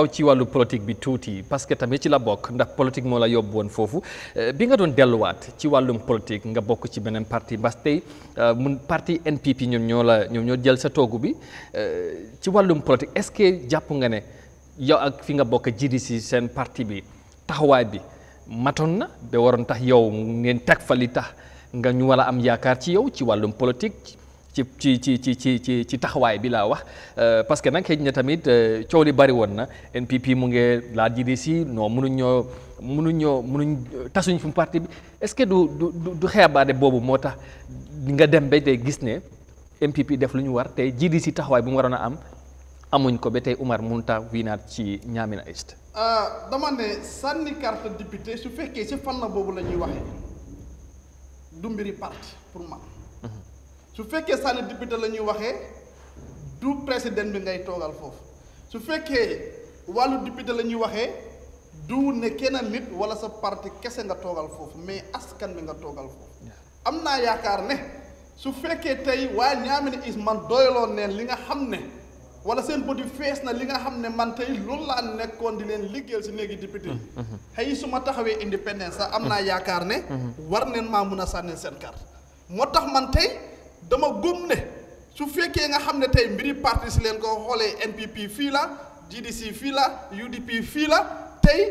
aw ci wàllu politique bi tuuti parce que tamit ci la bokk ndax politique moo la yóbbu woon foofu eh, bi nga doon delluwaat ci wàllum politique nga bokk ci beneen parti mbas tey eh, mun parti NPP ñoom ñoo la ñoom ñoo jël sa toogu bi eh, ci wàllum politique est-ce que jàpp nga ne yow ak fi nga bokk GDC seen parti bi taxawaay bi matoon na ba waroon tax yow ngeen teg fa li tax nga ñu war a am yaakaar ci yow ci wàllum politique ci ci ci ci ci ci taxawaay bi laa wax euh, parce que nag xëy na tamit euh, coow li bari woon na NPP mu ngi laa GDC non mënuñ ñoo mënuñ ñoo mënuñ tasuñ fu mu parti bi est-ce que du du du boobu moo tax nga dem ba tey gis ne NPP def lu ñu war tey si taxawaay bu mu waroon a am amuñ ko ba tey Umar Munta wiinaat ci Ñaamina Est. Euh, dama ne sànni carte député su fekkee si fànn boobu la ñuy waxee du mbiri parti pour man. su fekkee sànni député la ñuy waxee du président bi ngay toogal foofu su fekkee wàllu député la ñuy waxee du ne kenn nit wala sa parti kese nga toogal foofu mais askan bi nga toogal foofu am naa yaakaar ne su fekkee tey waa Ñaamene is man doyaloon neen li nga xam ne wala seen bët fees na li nga xam ne man tey loolu laa nekkoon di leen liggéeyal si néegi député yi xëy mm-hmm, mm-hmm. su ma taxawee indépendance sax am naa mm-hmm. yaakaar ne war neen maa mun a sànni seen carte moo tax man tey dama gëm ne su fekkee nga xam ne tey mbiri parti leen ko xoolee NPP fii la GDC fii la UDP fii la tey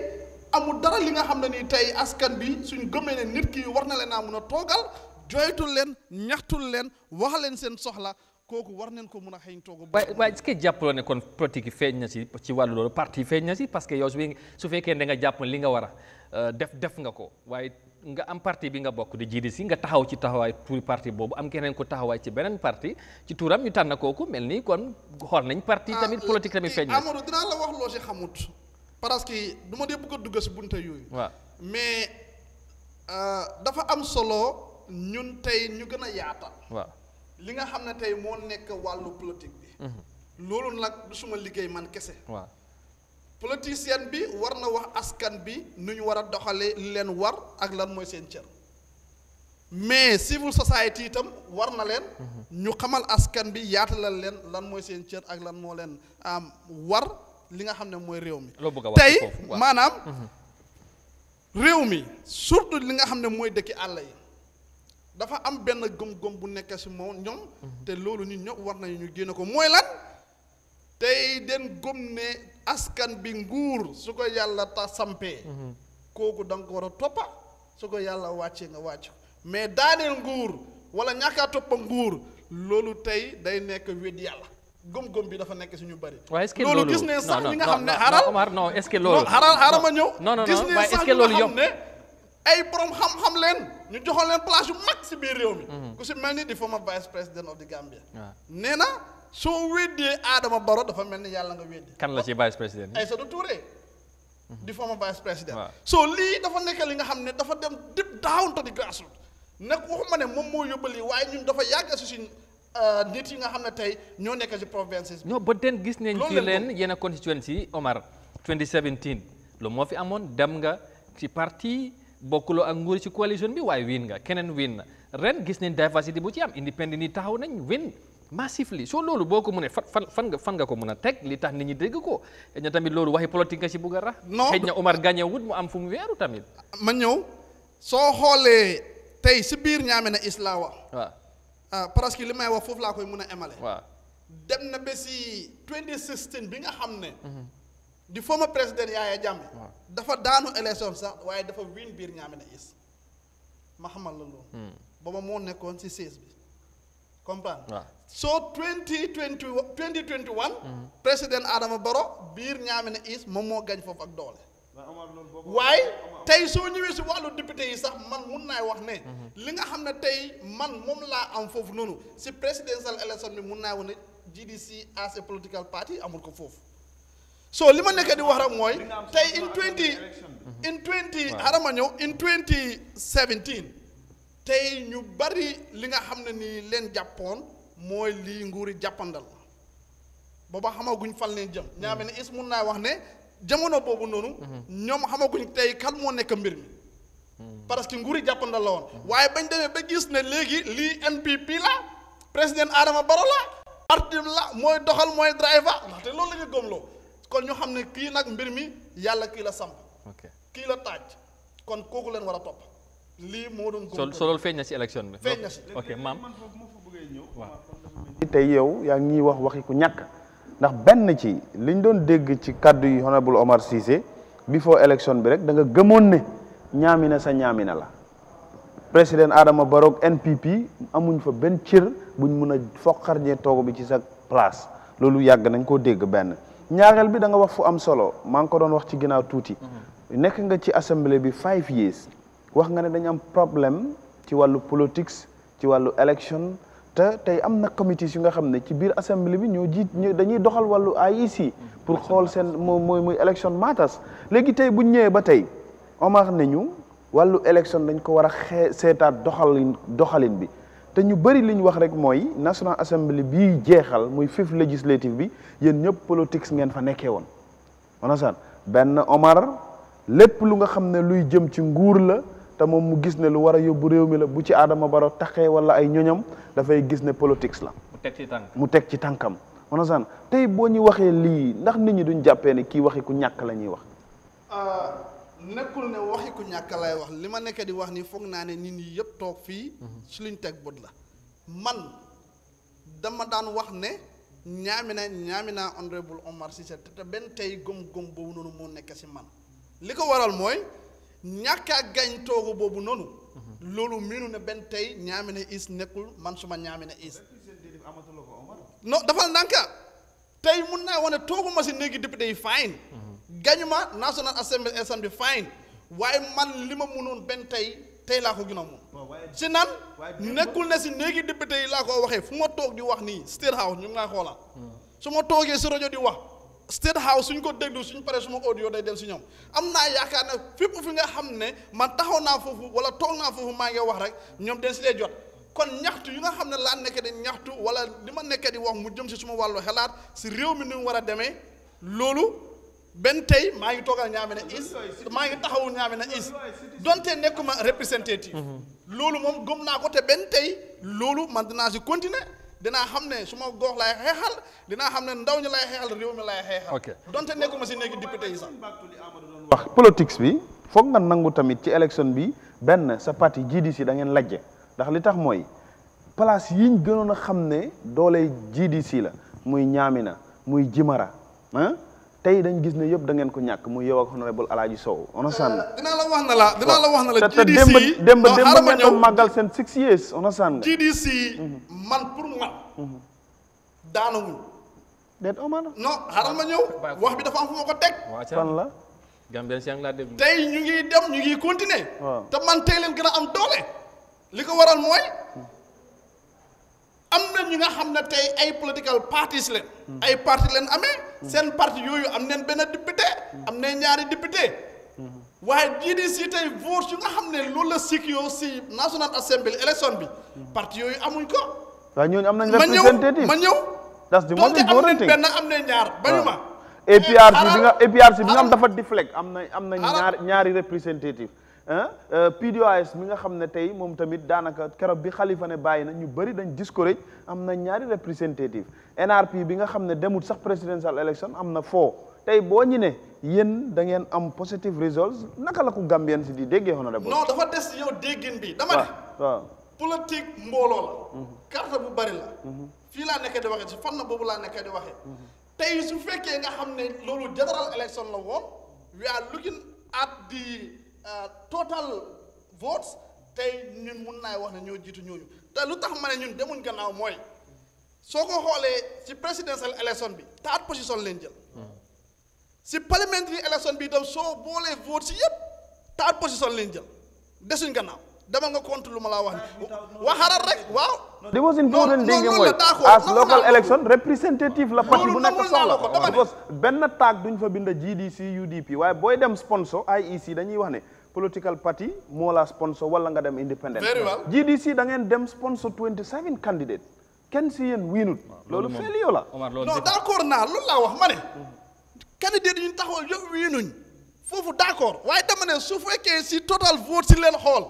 amul dara li nga xam ne nii tey askan bi suñ gëmee ne nit ki war na leen a mun a toogal joytul leen ñaxtul leen wax leen seen soxla koku war nañ ko mëna a xëy toog. waaye waaye est-ce que ne kon politique feñ na ci ci walu lolu parti feñ na ci parce que yow su fekke da nga japp li nga wara euh, def def nga ko waaye nga am parti bi nga bok di jidi si nga taxaw ci taxaway pour parti bobu am keneen ko taxaway ci benen parti ci touram ñu tan koku melni kon xool nañ parti ah, tamit politique tamit eh, feñ na. Amadou dina la wax lo ci xamut parce que duma ma dee bëgg dugg ci bunte yoy wa mais euh, dafa am solo ñun tay ñu gëna yaatal. li nga xam ne tey moo nekk wàllu politique bi. Mhm. loolu nag du suma liggéey man kese. waaw politicien bi war na wax askan bi nu ñu war a doxalee li leen war ak lan mooy seen cër. mais civil society itam war na leen. Mhm. ñu xamal askan bi yaatalal leen lan mooy seen cër ak lan moo leen am war li nga xam ne mooy réew mi. tey maanaam. Mhm. réew mi surtout li nga xam ne mooy dëkki àll yi. dafa am benn gëm-gëm bu nekkee si moom ñoom te loolu ñun ñëpp war nañu ñu génne ko mooy lan tey den gëm ne askan bi nguur su ko yàlla ta sampe mhm. kooku da ko war a toppa su ko yàlla wàccee nga wàcc mais daaneel nguur wala ñàkkaa toppa nguur loolu tey day nekk wéet yàlla gëm-gëm bi dafa nekk suñu bëri. waaw est-ce que loolu gis ne sax ñi nga xam ne. xaaral non non non est-ce que loolu. xaaral xaaral ma ñëw. gis ne sax ñi nga xam ne. ay borom xam-xam leen ñu joxoon leen place yu mag si biir réew mi mhm. ku si mel ni di former vice president of the Gambia nee na soo weddee Adama Baro dafa mel ni yàlla nga weddi kan la ci vice president ay sa du Touré mhm. di former vice president so lii dafa nekk li nga xam ne dafa dem deep down to the grassroots nekk waxuma ne moom moo yóbbali waaye ñun dafa yàgg si suñ euh, nit yi nga xam ne tey ñoo nekk si provinces non ba den gis nañ ci leen yenn constituency Omar 2017 lu moo fi amoon dem nga ci parti bokulo ak nguur ci coalition bi way win nga kenen win ren gis nañ diversity bu ci am independent ni taxaw nañ win massively so lolu boko mune fan fan nga fan nga ko muna tek li tax nit ñi dégg ko ñu tamit lolu waxi politique ci Omar Gagné wut mu am fu mu wéru tamit ma ñew so xolé tay ci bir ñame na islaawa wa ah, parce que li may wax fofu la koy muna émalé emale dem na be ci 2016 bi nga xam the former president Yahya jàmm dafa daanu élection sax waaye dafa win biir Ñaamena East ma xamal la loolu hmm. ba ma moo nekkoon si siis bi comprendre soo twenty twenty twenty twenty one hmm. président Adama Barrow biir Ñaamena East moom moo gañ foofu ak doole waaye tey soo ñëwee si wàllu député yi sax man mun naay wax ne hmm. li nga xam ne tey man moom laa am foofu noonu si presidential election bi mun naa wax ne GDC as a political party amul ko foofu so li ma nekk di wax rek mooy tey in twenty in twenty xarama ñëw in twenty seventeen tey ñu bari li nga xam ne nii leen jàppoon mooy lii nguuri jàppandal booba xamaguñ fan leen jëm mm. ñaame ne is mun naa wax ne jamono boobu noonu mm-hmm. ñoom xamaguñ tey kan moo nekk mbir mi mm. parce que nguuri jàppandal la woon mm. waaye bañ demee ba gis ne léegi lii NPP la président Adama Barrow la parti la mooy doxal mooy driver te loolu la ñu gëmloo kon ñu xamne ne nak mbir mi yalla ki la samp ki la taaj kon koku leen wara top li mo moo doon so so loolu feeñ na si élection bi feeñ na ci ok yow ya ngi wax waxi ku ñak ndax ben ci liñ doon dégg ci kaddu yi honorable Omar Cissé before election bi rek da nga gëmoon ne ñaamina sa ñaamina la président Adama barok NPP amuñ fa ben ciir buñ mun a ñe togo bi ci sa place lolu yag nañ ko dégg ben ñaareel bi da nga wax fu am solo maa ngi ko doon wax ci ginnaaw tuuti. Mhm. nekk nga ci assemblée bi five years. wax nga ne dañu am problème ci wàllu politics ci wàllu élection te tey am na committees yu nga xam ne ci biir assemblée bi ñoo jiit dañuy doxal wàllu AIC. Mhm. pour xool seen moom mooy muy élection matters léegi tey bu ñëwee ba tey Omar ne ñu wàllu élection dañ ko war a xee seetaat doxalin doxalin bi. te ñu bëri li ñu wax rek mooy National Assembly bii jeexal muy fifth législative bi yéen ñëpp politics ngeen fa nekkee woon onasan benn Omar lépp lu nga xam ne luy jëm ci nguur la te moom mu gis ne lu war a yóbbu réew mi la bu ci Adama Barrow taxee wala ay ñoñam dafay gis ne politics la mu teg ci tànk mu teg ci tànkam onasan tey boo ñu waxee lii ndax nit ñi duñ jàppee ne kii waxi ku ñàkk la ñuy wax euh, Nekul ne waxi ku ñak lay wax lima nekk di wax ni fokk na ne nit ñi yëpp toog fii mhm. ci liñ teg la man dama daan wax ne ñaamina ñaamina honorable omar cissé te te benn tey gom gom boobu noonu moo nekk si man li ko waral mooy ñàkkaa gañ toogu boobu noonu mhm. loolu minu ne benn tey ñaamina is nekul man suma ñaamina is no dafal ndànka tey mun naa wane toogu ma si néegi député yi fine mhm. gañuma National Assembly instant bi fine waaye man li ma mënoon benn tey tey laa ko gën a mun si nan nekkul ne si néegi député tey laa ko waxee fu ma toog di wax nii State House ñu ngi laa xoolaat hmm. su ma toogee si rajo di wax State House suñ ko déglu suñ paree suma audio day dem si ñoom am naa yaakaar ne fépp fi nga xam ne man taxaw naa foofu wala toog naa foofu maa ngi wax rek ñoom den si lay jot kon ñaxtu yi nga xam ne laa nekkee di ñaxtu wala li ma nekkee di wax mu jëm si suma wàllu xalaat si réew mi ni war a demee loolu benn tey maa ngi toogal ñaame na is maa ngi taxawu ñaame na is donte nekkuma représentative loolu moom gom naa ko te benn tey loolu man dinaa si continuer dinaa xam ne su ma goox lay xeexal dinaa xam ne ndaw ñi lay xeexal réew mi lay xeexal donte nekkuma si néegi député yi sax wax politique bi foog nga nangu tamit ci élection bi benn sa parti GDC da ngeen lajje ndax li tax mooy place yiñ gënoon a xam ne doole GDC la muy ñaami na muy jimara tey dañ gis ne yëpp da ngeen ko ñàkk muy yow ak honorable Alaaji Sow on sànn euh, dinaa la wax na la dinaa la wax na la GDC démb démb ngeen doon màggal seen six years on sànn GDC mhm. man pour man mhm. daanawuñ déet Omar ma ñëw wax bi dafa am ko teg la Gambian Siang laa déglu tey ñu ngi dem ñu ngi continuer te man tey leen gën a am doole li ko waral mooy mhm. am na ñi nga xam ne tey ay political parties leen. ay parti leen amee. seen parti yooyu am neen benn député. am nañ ñaari député. waaye GDC tey vote yu nga xam ne loolu la sikyoo si National Assembly élection bi. parti yooyu amuñ ko. waaw ñooñu am nañ représentative ma ñëw ma ñëw. donte am nañ benn am nañ ñaar bañu ma. APRC ah. bi nga APRC bi nga am dafa deflect am na am nañ ñaari ñaari représentative Euh, PDOIS mi nga xam ne tey moom tamit daanaka keroog bi xalifa ne bàyyi na ñu bëri dañ discourage am na ñaari représentative NRP bi nga xam ne demul sax presidential election am na foo tey boo ñu ne yéen da ngeen am positive results naka la ku Gambien si di déggee honorable non dafa des yow déggin bi dama ne waaw politique mbooloo la mhm. carte bu bari la mhm. fii laa nekkee di waxee si fan na boobu laa nekkee di waxee mhm. tey su fekkee nga xam ne loolu general election la woon we are looking at Euh, total votes tey ñun mun naay wax ne ñoo jiitu ñooñu te lu tax ma ne ñun demuñ gannaaw mooy soo ko xoolee ci presidential election bi taat position leen jël hmm. si parliamentary election bi itam soo boolee vote si yëpp taat position leen jël desuñ gannaaw dama nga compte lu ma laa wax ni waxaral rek waaw the most important thing mooy as local election representative la parti bu nekk soxla because benn taag duñ fa bind GDC UDP waaye booy dem sponsor IEC dañuy wax ne political party moo la sponsor wala nga dem independent GDC da ngeen dem sponsor 27 candidate kenn si yéen wiinut ah, loolu failure la non d'accord naa loolu laa wax ma ne candidate ñu taxawal yëpp wiinuñ foofu d'accord waaye dama ne su fekkee si total vote si leen xool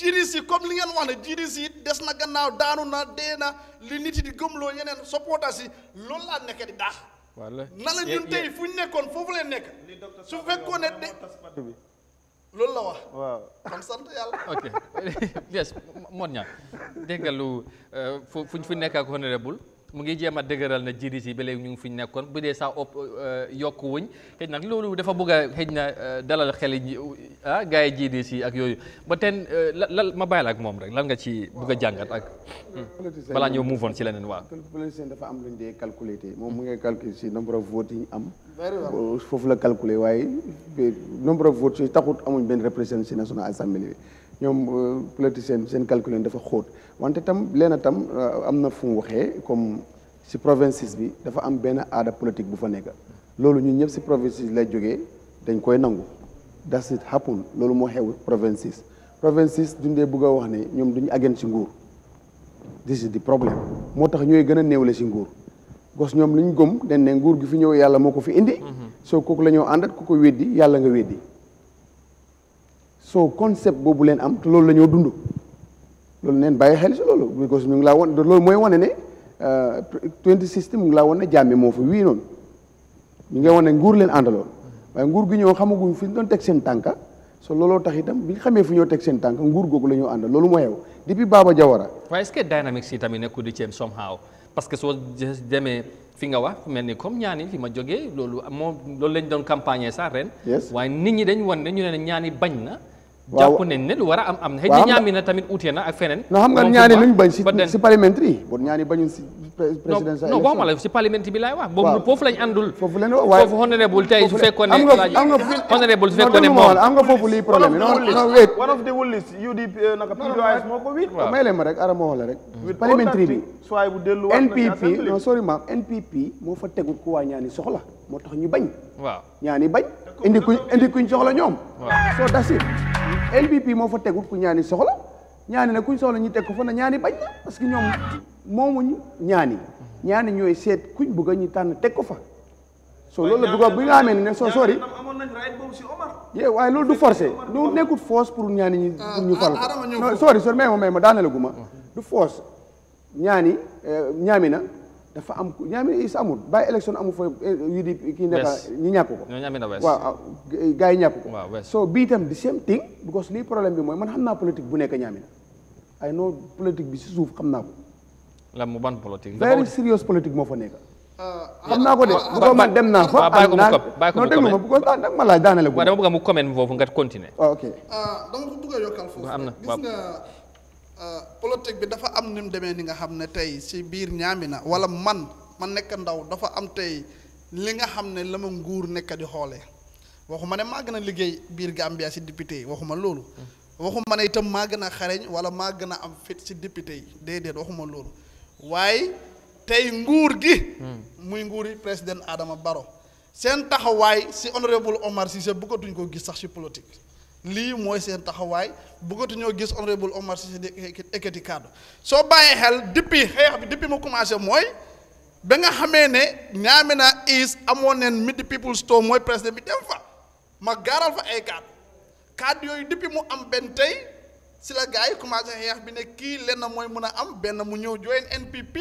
GDC comme li ngeen wax ne GDC des na gannaaw daanu na dee na li nit yi di gëmloo yeneen supporters yi loolu laa nekk di daax na la ñun tey fu ñu nekkoon foofu leen nekk su fekkoon ne de loolu la wax. waaw kon sant yàlla. ok yes Modou Niang dégg euh, fu fu ñu fi nekk mu ngi jéem a dëgëral na GDC ba léegi ñu ngi fi nekkoon bu dee sax ëpp euh, yokku wuñ xëy nag loolu dafa bëgg a xëy na euh, dalal xel yi ah gars yi GDC ak yooyu ba teen euh, lan ma bàyyi la ak moom rek lan nga ci bëgg a jàngat ak. Hmm. balaa ñëw move on ci leneen waa politicien dafa am lu ñu dee calculer moom mu ngi si nombre of ñu am. foofu la calculer waaye nombre of votes yi taxut amuñ benn représentation national assemblée bi. ñoom euh, politicien bi seen calcul dafa xóot wante tam leena tam euh, am na fu mu waxee comme si provinces bi dafa am benn aada politique bu fa nekk loolu ñu ñëpp si provinces lay jógee dañ koy nangu that's it happen loolu moo xew provinces provinces dundee bëgg a wax ne ñoom duñu agent si nguur this is the problème moo tax ñooy gën a néewle si nguur gos ñoom lu ñu gëm dañ ne nguur gi fi ñëw yàlla moo ko fi indi mm-hmm. soo kooku la ñoo àndat ku ko weddi yàlla nga weddi so concept bobu len am te lolou lañu dundu lolou len baye xel si loolu because ñu la laa won loolu mooy wane ne 2016 euh, mu ngi laa won ne jàmme moo fa wi non ñu ngi wane nguur len andalo waaye nguur gi ñoo xamaguñ fi ñu doon tek seen tanka so lolou tax itam bi ñu fu ñoo tek seen tanka nguur gogu lañu ñoo lolou moy yow depuis Baba Jawara waaye est-ce que dynamics yi tamit nekkul di ceeb somehow parce que so demee fi nga wax melni ni comme ñaani fi ma joggé lolou mo lolou lañ doon campagne sax ren waaye nit ñi dañ won né ñu né ñaani bañ na jàpp ne ne lu a am am na xëy na ñaami na tamit uute na ak feneen no xam nga ñaani luñ bañ si si parlementaire yi bon ñaani bañu si présidentielle non waxuma la si parlementaire bi laay wax boobu foofu lañ àndul foofu lañ waaye foofu honorable tey su fekkoon ne honorable su fekkoon ne am nga foofu lii problème bi non wait one of the willis UDP eh, naka PDOIS moo ko wiit may leen ma rek ara moo la rek parlementaire bi soay bu dellu NPP non sorry ma, NPP moo fa tegul ku waa ñaani soxla moo tax ñu bañ waaw ñaani bañ indi kuñ indi kuñ soxla ñoom so that's it LBP moo fa tegul ku ñaani soxla ñaani na kuñ soxla ñu teg ko fa na ñaani bañ na parce que ñoom moomuñ ñaani ñaani ñooy seet kuñ bugga a ñu tànn teg ko fa so loolu la bëgg bu nga amee ne soo sori yee waaye loolu du forcé du nekkul force pour ñaani ñi pour ñu ko sori ah, sori may ma may ma daanale gu ma du foos ñaani eh, ñaami na dafa am ñami is amul bay election amu fa eh, UDP kii nekk ñi ñàkk ko waaw ah, gars yi ñàkk ko so bi tam the same thing because li problème bi moy man xamna politique bu nekk ñami na ay non politique bi ci souf xamna ko lan mu ban politique very serious politique mo fa nekk ah, xamna ko de ah, bu ko man dem na fa bay ko ko bay ko ko déglu ma bu ko nak ma laaj daanale bu dama bëgg mu comment foofu nga continuer ok dama ko bëgg a yokkal foofu gis nga Euh, politique bi dafa am ni mu ni nga xam ne tey si biir na wala man ma nekk ndaw dafa am tey li nga xam ne la ma nguur nekk di xoolee waxuma ne maa gën a liggéey biir Gambia si député yi waxuma loolu. Hmm. waxuma ne itam maa gën a xareñ wala maa gën a am fit si député yi déedéet waxuma loolu waaye tey nguur gi. Hmm. muy nguuri président Adama Barrow seen taxawaay si honorable Omar Cissé bëggatuñ ko gis sax si politique. lii mooy seen taxawaay ñoo gis honorable Omar sisi ekati ekkati so baye hel depuis xex bi depuis mu commencé moy ba nga xamé ne ñamina is amone mid people store moy president bi dem fa ma garal fa ay kàddu kàddu yoy depuis mu am ben tay si la gaay commencé bi né ki lenn moy mëna am ben mu join NPP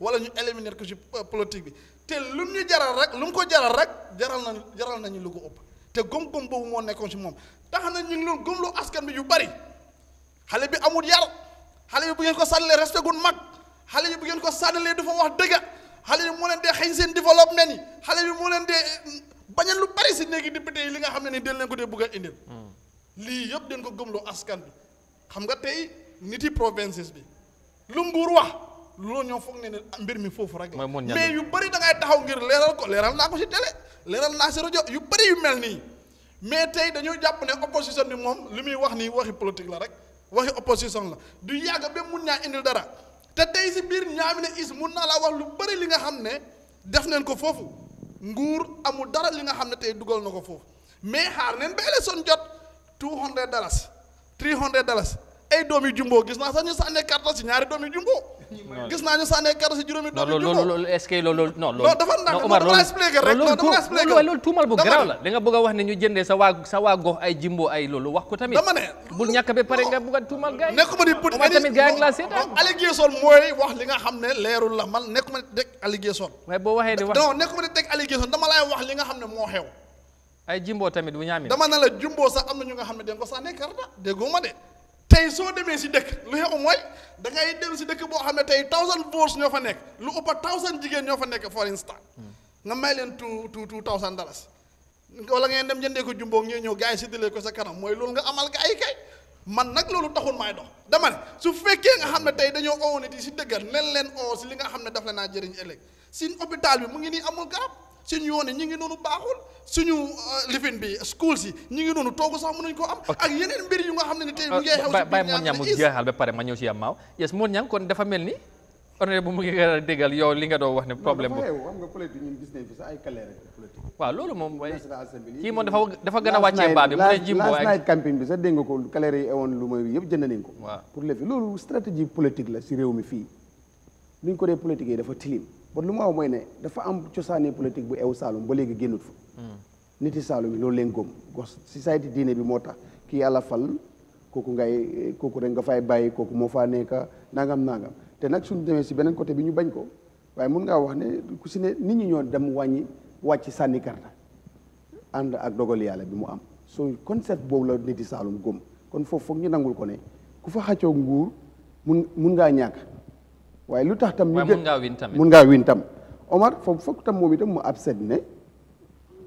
wala ñu éliminer ko ci euh, politique bi te lu ñu jaral rek lu ko jaral rek jaral nañu jaral nañu lu ko upp te gom-gom boobu mo nekkon ci mom te xam ne ñu ngi askan bi yu bari xale bi amul yar xale bi bu ngeen ko sànnilee resté gun mag xale bi bu ngeen ko sànnilee dafa wax dëgg xale bi moo leen dee xëy seen développement yi xale bi moo leen dee mm, bañal lu bari si néegi député yi li nga xam ne ni den leen ko dee bëgg a indil lii yëpp den ko gëmloo askan bi xam nga tey niti provinces bi lu nguur wax loolu ñoo foog ne ne mbir mi foofu rek mais yu bari da ngay taxaw ngir leeral ko leeral naa ko si télé leeral naa si rajo yu bari yu mel nii mais tey dañoo jàpp ne opposition bi moom li muy wax nii waxi politique la rek waxi opposition la du yàgg ba mun ñaa indi dara te tey si biir ñaami ne is mun naa laa wax lu bëri li nga xam ne def neen ko foofu nguur amul dara li nga xam ne tey dugal na ko foofu mais xaar neen ba élection jot two hundred dollars three hundred dollars ay doom yu jumboo gis naa sax ñu sànne carte si ñaari doom yu jumboo gis naa ñu sànnee kàddu si juróomi doomi jubóo non loolu est-ce que loolu non loolu non dafa nag dama la expliqué rek non dama la expliqué loolu loolu tuumal bu garaaw la da nga bëgg a wax ne ñu jëndee sa waa sa waa gox ay jimbo ay loolu wax ko tamit dama ne bul ñàkk ba pare nga bëgg a tuumal gars yi nekkuma di put tamit gars yi la seetaan allégation mooy wax li nga xam ne leerul la man nekkuma di teg allégation waaye boo waxee ne wax non nekkuma di teg allégation dama laay wax li nga xam ne moo xew ay jimbo tamit bu ñaami dama ne la jimbo sax am na ñu nga xam ne dañ ko sànnee karta dégguma de tey soo demee si dëkk lu xew mooy da ngay dem si dëkk boo xam ne tey thousand bourse ñoo fa nekk lu ëpp a thousand jigéen ñoo fa nekk for instance nga may leen two two two thousand dollars wala ngeen dem jëndee ko jumboog ñooy ñëw gars yi séddalee ko sa kanam mooy loolu nga amal gars yi kay man nag loolu taxul maay dox dama ne su fekkee nga xam ne tey dañoo oo nit yi si dëggal leen leen oo si li nga xam ne daf la naa jëriñ ëllëg si hôpital bi mu ngi nii a garab suñu yoon yi ñu ngi noonu baaxul suñu euh, lifin bi schools si ñu ngi noonu toogu sax mënuñ ko am. ak yeneen mbir yu nga xam ne ni tey mu ngi xew. bàyyi Mor Niang mu jeexal ba pare ma ñëw kon dafa mel ni. honneur bu mu yow li nga doon wax ne problème bu xam nga politique ñun gis nañ ay kaleere waaw loolu moom mooy kii moom dafa dafa gën a wàccee baa bi mu ne jimbo last night ko kaleere yi ewoon lu mooy yëpp la si réew mi fii ni ñu ko dee politique yi dafa tilim bon lu mu wax mooy ne dafa am cosaani politique bu ew Saalum ba léegi génnut fa. yi hmm. Saalum yi loolu leen góom gox société diine bi moo tax kii yàlla fal kooku ngay kooku rek nga fay bàyyi kooku moo faa nekk nangam nangam te nag suñu demee si beneen côté bi ñu bañ ko waaye mun ngaa wax ne ku si ne nit ñi ñoo dem wàññi wàcc sànni karta ànd ak dogal yàlla bi mu am so concept boobu la niti Saalum góom kon foofu foog ñu nangul ko ne ku fa xàccoo nguur mun mun ngaa ñàkk. waaye lu tax tam. ñu gën mun ngaa win tam tam. Omar foofu foog tam moom itam mu absent ne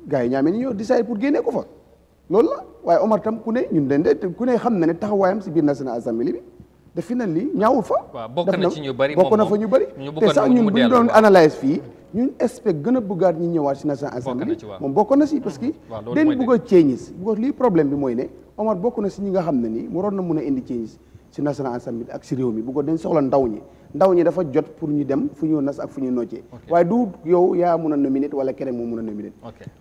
gars yi ñaame ni ñoo décidé pour génnee ko fa loolu la waaye Omar tam ku ne ñun de ku ne xam na ne taxawaayam si biir National Assembly bi defe na lii ñaawul fa. waaw bokk na ci na fa ñu bëri. te sax ñun bu ñu doon analyse fii. ñun expect gën a bëggaat ñu ñëwaat si National Assembly moom bokk na si parce que den bëgg a changes lii problème bi mooy ne Omar bokk na si ñi nga xam ne waroon na mun a indi changes si National Assembly ak si réew mi bu ko dañ soxla ndaw ñi ndaw ñi dafa jot pour ñu dem fu ñu nas ak fu ñu noccee waaye du yow yaa mun a nominate wala keneen moo mun a nominate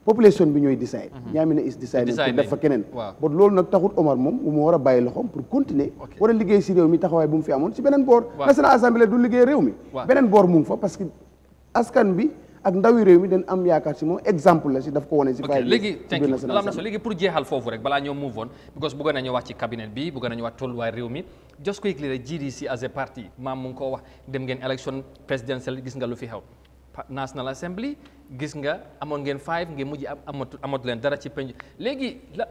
population bi ñooy decide mhm. ñaami ne is decide pour def fa keneen bon loolu nag taxut Omar moom mu war a bàyyi loxoom pour continuer war a liggéey si réew mi taxawaay bu mu fi amoon si beneen boor National Assembly du liggéey réew mi beneen boor mu ngi fa parce que askan bi ak ndawi réew mi dañ am yaakaar si moom exemple la si daf ko wane si fay léegi am na solo léegi pour jeexal foofu rek balaa ñoo move on because bëgg nañu wax ci cabinet bi bëgg nañu wax tolluwaay réew mi just quickly rek GDC as a party maam mu ngi ko wax dem ngeen élection présidentielle gis nga lu fi xew National Assembly gis nga amoon ngeen five ngeen mujj amatu amatu leen dara ci penc léegi la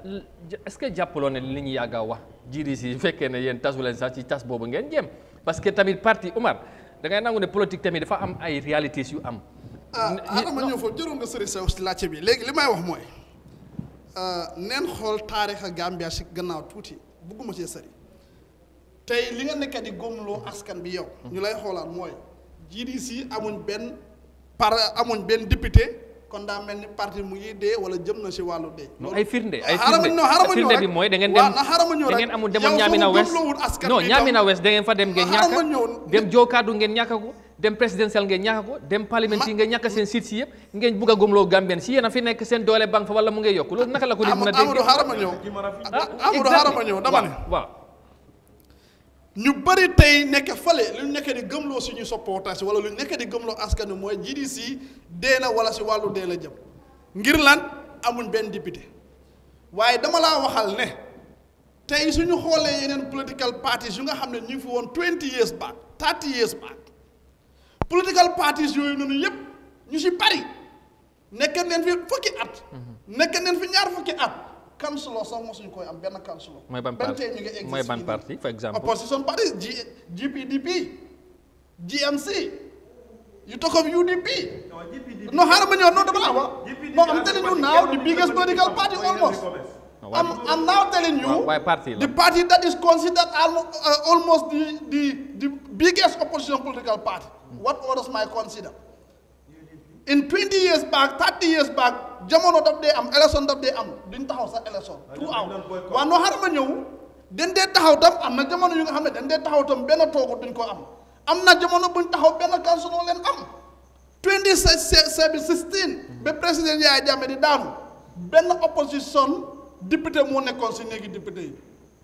est-ce que jàppaloo ne li ñu yàgg a wax GDC bu fekkee ne yéen tasu leen sax tas boobu ngeen jéem parce que tamit parti Omar da ngay nangu ne tamit dafa am ay réalités yu am ah Adama ah, ñëw foofu jëróon nga sëri sa si laajte bi léegi li may wax mooy ah, neen xool taarixa Gambia si gannaaw tuuti bugguma cee sëri tey li nga nekk di góomloo askan bi yow ñu lay xoolaat mooy GDC amuñ benn par amuñ benn député kon daa mel ni parti mu ngi dee wala jëm na si wàllu dee. ay firnde ay firnde firnde bi mooy da ngeen dem da ngeen amul demoon Ñaamina West non Ñaamina West da ngeen fa dem ngeen ñàkk dem jookaadu ngeen ñàkk ko dem présidentiel ngeen ñàkk ko dem parlementaire ngeen ñàkk seen siit si yëpp ngeen bugg a gomloo si yéen a fi nekk seen doole banque fa wala mu ngay yokk loolu naka la ko nit mën a dégg Amadou xaaral ma ñëw ah, Amadou xaaral waaw ñu bëri tey nekk fale lu ñu nekk di gëmloo suñu supporters wala lu ñu nekk di gëmloo askan wi mooy GDC dee na wala si wàllu dee la jëm ngir lan amuñ benn député waaye dama laa waxal ne tey suñu xoolee yeneen political parties yu nga xam ne ñu ngi fi woon 20 years back 30 years back political parties yooyu noonu yëpp ñu si bari nekk neen fi fukki at nekk neen fi ñaar fukki at councilor sax mosuñ koy am benn councilor mooy ban parti ñu ngi mooy ban parti for example opposition parties G GPDP GMC you talk of UDP no, GPDP. you harma no dama la wax no I'm telling you now the biggest political party almost I'm, I'm now telling you why, why party, the party that is considered uh, almost the, the, the biggest opposition political party what orders might consider in 20 years back 30 years back jamono daf dee am élection daf dee am duñ taxaw sa élection two hours waaw noo xar ma ñëw dañ dee taxaw tam am na jamono yu nga xam ne dañ dee taxaw tam benn toogu duñ ko am am na jamono buñ taxaw benn kansuloo leen am 2016 ba président Yaya Jammeh di daanu benn opposition député moo nekkoon si néegi député yi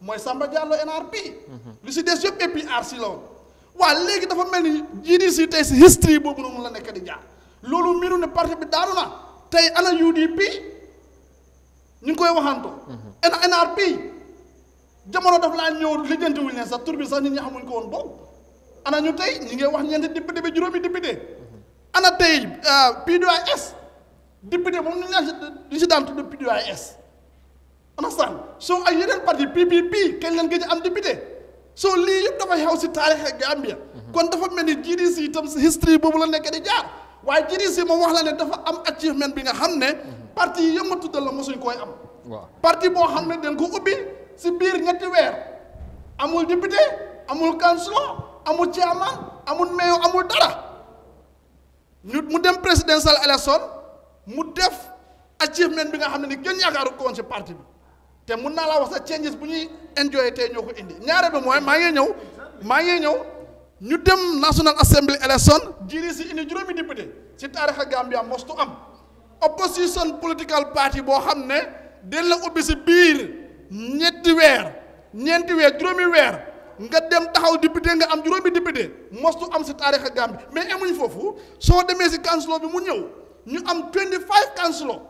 mooy Samba Diallo NRP. Mhm. lu si des yëpp APRC la woon wa legui dafa melni ni GDC tey history bobu non la nek di jaar lolu miru ne parti bi daru na tay ana UDP ñu koy waxanto NRP jamono daf laa ñëw wul ne sa tour bi sax nit ñi xamuñ ko won boobu ana ñu tay ñi ngi wax ñeenti député bi juróomi député ana tey PDOIS député mom ñu ne li de daan ana sax so ay yeneen parti PPP kene leen gëj am député soo lii yëpp dafay xew si taarix Gambia kon dafa mel ni GDC itam si history boobu la nekk di jaar waaye GDC moom wax la ne dafa am achievement bi nga xam ne parti yi yëpp tuddal la mosuñ koy am waaw parti boo xam ne dañ ko ubbi si biir ñetti weer amul député amul councilor amul chairman amul mayor amul dara ñu mu dem presidential election mu def achievement bi nga xam ne ni kenn yaakaaru ko woon si parti bi te mun naa laa wax sax changes bu ñuy enjoy tey ñoo ko indi ñaare bi mooy maa ngi ñëw maa ngi ñëw ñu dem National Assembly election jiiri si indi juróomi député si taarixa Gambia mostu am opposition political party boo xam ne den la ubbi si biir ñetti weer ñeenti weer juróomi weer nga dem taxaw député nga am juróomi député mostu am si taarixa Gambia mais amuñ foofu soo demee si councilor bi mu ñëw ñu am 25 councilor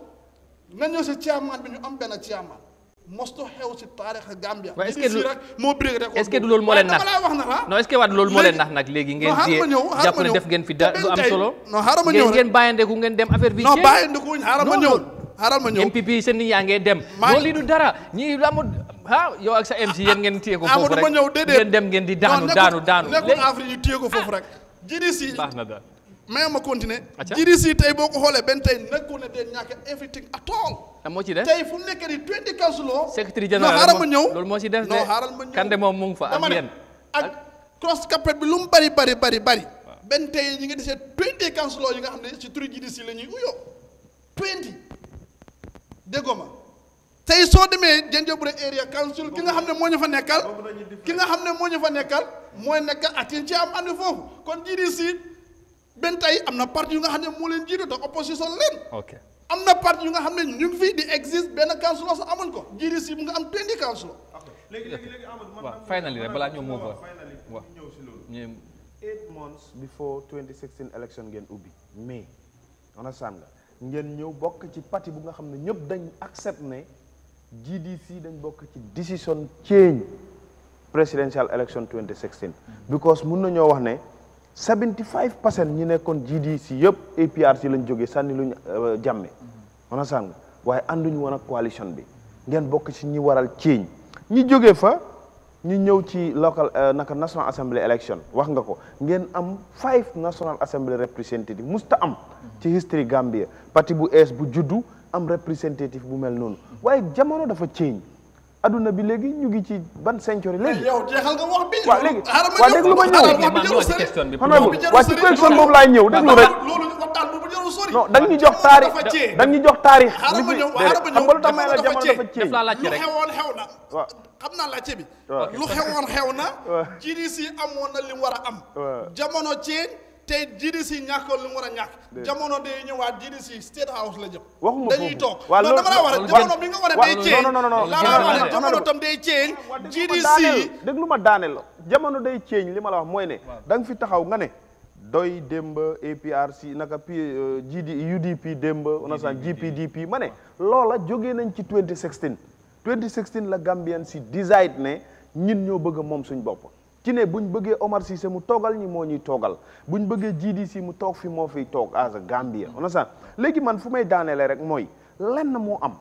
nga ñëw ci chairman bi ñu am benn chairman mosto xew si taarix Gambia. waaw du moo bëri rek. est-ce que du loolu moo na la. non est-ce que waat loolu moo leen nax nag léegi. ngeen jiyee jàpp ne def ngeen fi da du am solo. non ngeen dem affaire bi. non bàyyandeku wuñ xaaral ngeen dem ngeen di daanu daanu daanu. léegi nekkul Afrique ñu ko foofu rek. jiri si baax mais ma continuer. acca GDC tey boo ko xoolee benn tey nekkul ne day ñàkk everything at all. lan moo ci def tey fu mu nekk nii twenty councilors. secrétaire xaaral ma ñëw loolu moo ci def de Kande moom mu fa ak ak cross carpet bi lu mu bari bari bari bari. benn tey ñu ngi desee twenty councilors yi nga xam ne ci turu GDC la ñuy uyoo twenty déggoo ma tey soo demee Janjanbureh area council ki nga xam ne moo ñu fa nekkal ki nga xam ne moo ñu fa nekkal mooy nekk ak ci am andi foofu kon benn tey am na parti yu nga xam ne moo leen jiite te opposition leen. ok am na parti yu nga xam ne ñu ngi fii di existe benn councilor sax amoon ko jiite si mu nga am twenty councilor. léegi léegi léegi Amadou man. waaw finally rek balaa ñëw moo ko waaw ñëw si loolu. eight months before 2016 election ngeen ubbi mais on a sànga ngeen ñëw bokk ci parti bu nga xam ne ñëpp dañ accept ne GDC dañ bokk ci decision change presidential election 2016. Mm-hmm. because mun nañoo wax ne. 75 percent ñi nekkoon GDC yëpp APRC lañ jógee sànni luñ euh, jàmme mana sàng waaye ànduñu woon ak coalition bi ngeen bokk si ñi waral ceeñ ñi jógee fa ñu ñëw ci local euh, naka national assembly election wax nga ko ngeen am five national assembly representative musta am ci history Gambia parti bu ees bu juddu am representative bu mel noonu waaye jamono dafa ciiñ adduna bi léegi ñu ngi ci ban century léegi. yow jeexal nga wax bi. waaw léegi waaw déglu ma ñëw xanaa waaw ci question boobu laay ñëw déglu rek. non da nga ñu jox taarix da ñu jox taarix. xam nga lu tax may la jamono dafa ceeb lu xewoon xew na. xam naa laajte bi. lu xewoon xew na. ci si amoon na li war a am. jamono ceeb. tey GDC ñàkkoon lu mu war a ñàkk. jamono day ñëwaat GDC state house la jëm. waxuma foofu dañuy toog non dama la wax rek jamono bi nga war a day ceeñ. tam day ceeñ. GDC déglu ma daaneel la jamono day ceeñ li ma la wax mooy ne. da nga fi taxaw nga ne. doy démb APRC naka P euh, GD UDP démb. on a GPDP ma ne. loola jógee nañ ci 2016. 2016 la Gambian si decide ne ñun ñoo bëgg moom suñ bopp. ci ne buñ bëggee Omar Cissé mu toogal ñi moo ñuy toogal buñ bëggee GDC mu toog fi moo fiy toog as a Gambia on léegi man fu may daaneele rek mooy lenn moo am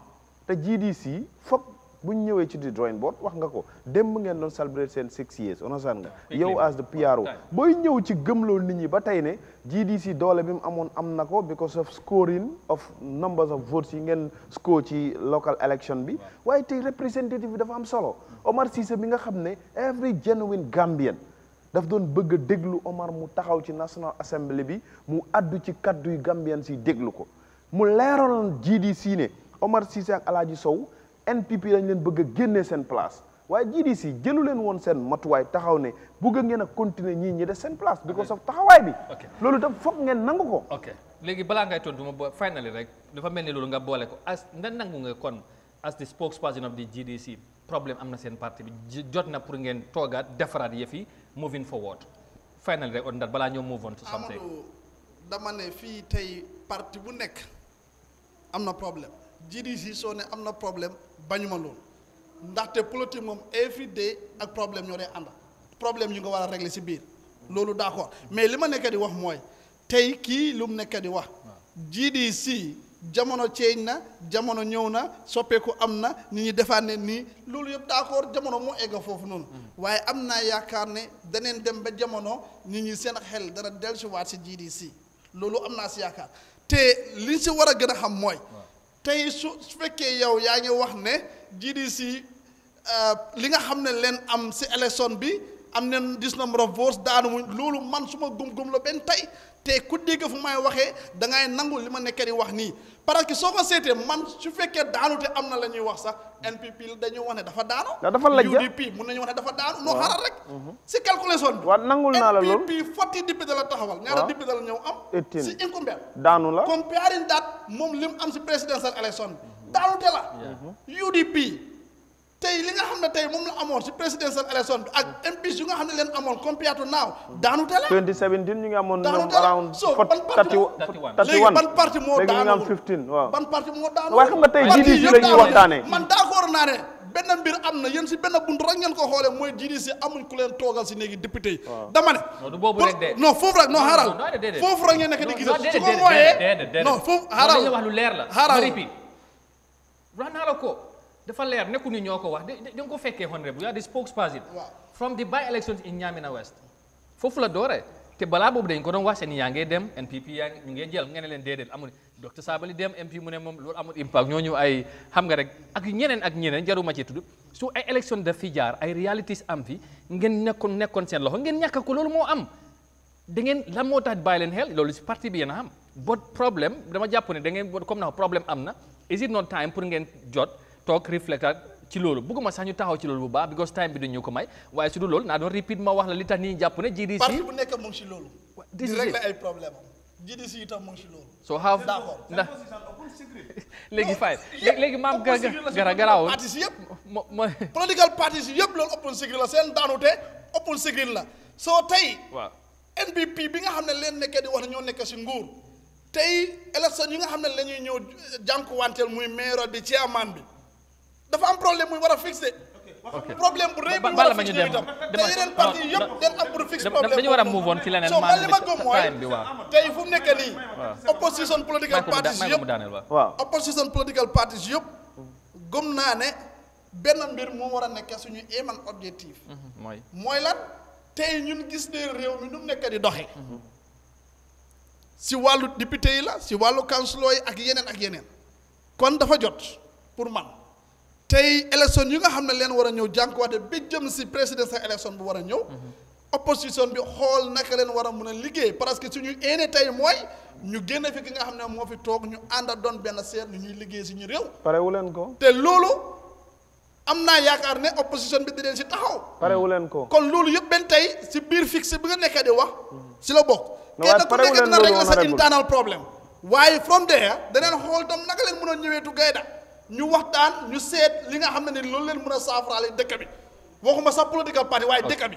te GDC foog bu ñu ñëwee ci di drawing board wax nga ko démb ngeen doon celebrate seen six years onosaan nga yow as the PRO booy ñëw ci gëm loo nit ñi ba tey ne GDC doole bi mu amoon am na ko because of scoring of numbers of votes yi ngeen score ci local election bi waaye tey representative bi dafa am solo Omar Cissé bi nga xam ne every genuine Gambian daf doon bëgg déglu Omar mu taxaw ci National Assembly bi mu addu ci kaddu yu Gambian si déglu ko mu leeraloon GDC ne Omar Cissé Sow NPP dañ leen bëgg a génnee seen place waaye GDC jëlu leen woon seen matuwaay taxaw ne bëgg ngeen a continuer ñii ñi des seen place. bi ko saf taxawaay bi. loolu itam foog ngeen nangu ko. ok léegi balaa ngay tontu ma bo finally rek dafa mel ni loolu nga boole ko as nga nangu nga kon as the spokesperson of the GDC problème am na seen parti bi jot na pour ngeen toogaat defaraat yëf yi moving forward finally rek on that balaa ñoo move on to something. dama ne fii tey parti bu nekk am na problème. dirige yi soo ne am na problème bañu ma loolu ndaxte politique moom every day ak problème ñoo dee ànd problème yi nga war a régler si biir loolu d'accord mais li ma nekk di wax mooy tey kii lu mu nekk di wax GDC jamono ceeñ na jamono ñëw na soppeeku am na nit ñi defaat ne nii loolu yëpp d'accord jamono moo egga foofu noonu waaye am naa yaakaar ne deneen dem ba jamono nit ñi seen xel dana dellusiwaat si GDC loolu am naa si yaakaar te li si war a gën a xam mooy tey su su fekkee yow yaa ngi wax ne GDC euh, li nga xam ne leen am si élection bi am nañ dix number of loolu man suma gum gëm la benn tey té ku dégg fu may waxé da ngay nangul lima nekké di wax ni parce que soko sété man su féké daanu té amna lañuy wax sax NPP la dañu wone dafa daanu. dafa lajjee ya. UDP mën nañu wone dafa daanu. no noo rek. Mhm. si calculer son wa nangul na la lool NPP forty député la taxawal. waaw ñaata député la am. ci si incumbent. daanu la comparing that moom li mu am ci présidential élection daanu té la. UDP. tey li nga xam ne tey moom la amoon si présidential election bi ak MPs yu nga xam ne leen amoon compared to now daanu tele ñu ngi amoon ñoom around léegi ban parti moo daanu 15 waaye xam nga tey GDC la ñuy waxtaanee man d'accord naa ne benn mbir am na yéen si benn bunt rek ngeen ko xoolee mooy GDC amuñ ku leen toogal si néegi député yi dama ne non foofu rek non xaaral foofu rek ngeen nekk di su ko mooyee non foofu xaaral xaaral dafa leer nekku ni ñoo ko wax da nga ko fekkee honorable yaa di spokesperson from the by elections in Nyamina West fofu la dooree te bala bobu dañ ko don wax seen yaa dem NPP ya ngi ngee jël ngene len leen amul docteur Sabali dem MP mu ne mom lool amul impact ñoñu ay xam nga rek ak ñeneen ak ñeneen jaruma ci tuddu su ay election daf fi jaar ay realities am fi ngeen nekkoon nekkon seen loxo ngeen ñaka ko lool mo am da ngeen la mo tax bay len hel lool ci parti bi yéen a xam bot problem dama jàpp ne da ngeen comme na problem amna is it not time pour ngeen jot tok reflect ah, ci lolu bëgguma sax ñu taxaw ci lolu bu baax because time bi duñ ñuko may waye su du lolu na do repeat ma wax la li tax ni japp ne GDC parce bu nekk mo ci lolu di régler ay problème GDC itam mu ci lolu so how ndax nah. léegi fay léegi mam gara garaawul partis yëpp political parties yëpp lolu open secret la seen daanute open secret la so tay NBP bi nga xamne len nekk di wax ne ñoo nekk ci nguur tay election yi nga xamne lañuy la ñëw muy maire bi chairman bi dafa am problème muy war a fixé. problème bu rëy bu ñu war a fixé itam te yeneen parti yëpp dañ am pour fixé problème dañu war a move on ci li ma gëm mooy tey fu mu nekk nii. opposition political parties yëpp opposition naa ne benn mbir moo war a nekk suñu éman objectif. Mhm, mooy lan tey ñun gis ne réew mi nu mu nekk di doxee. Mhm. si wàllu député yi la si wàllu councilor yi ak yeneen ak yeneen kon dafa jot pour man. tay election yu nga xamne len wara ñew a ñëw bi jëm ci présidentielle election bu wara a opposition bi xol naka len wara a liggé a parce que suñu éné tay moy ñu gënë fi nga xamne mo fi tok ñu ànd a doon benn seet ñu ñuy liggéey suñu réew wu len ko té lolu amna yaakar né opposition bi di len ci taxaw wu len ko kon lolu yëp ben tay si biir fixe bi nga nekkee di wax ci la bokk kenn ko nekk na régler sa internal problème why from there dañen xol tam naka len mëna a tu gayda ñu waxtaan ñu seet li nga xam ne ne loolu leen mën a saafaraale dëkk bi waxuma sa political party waaye dëkk bi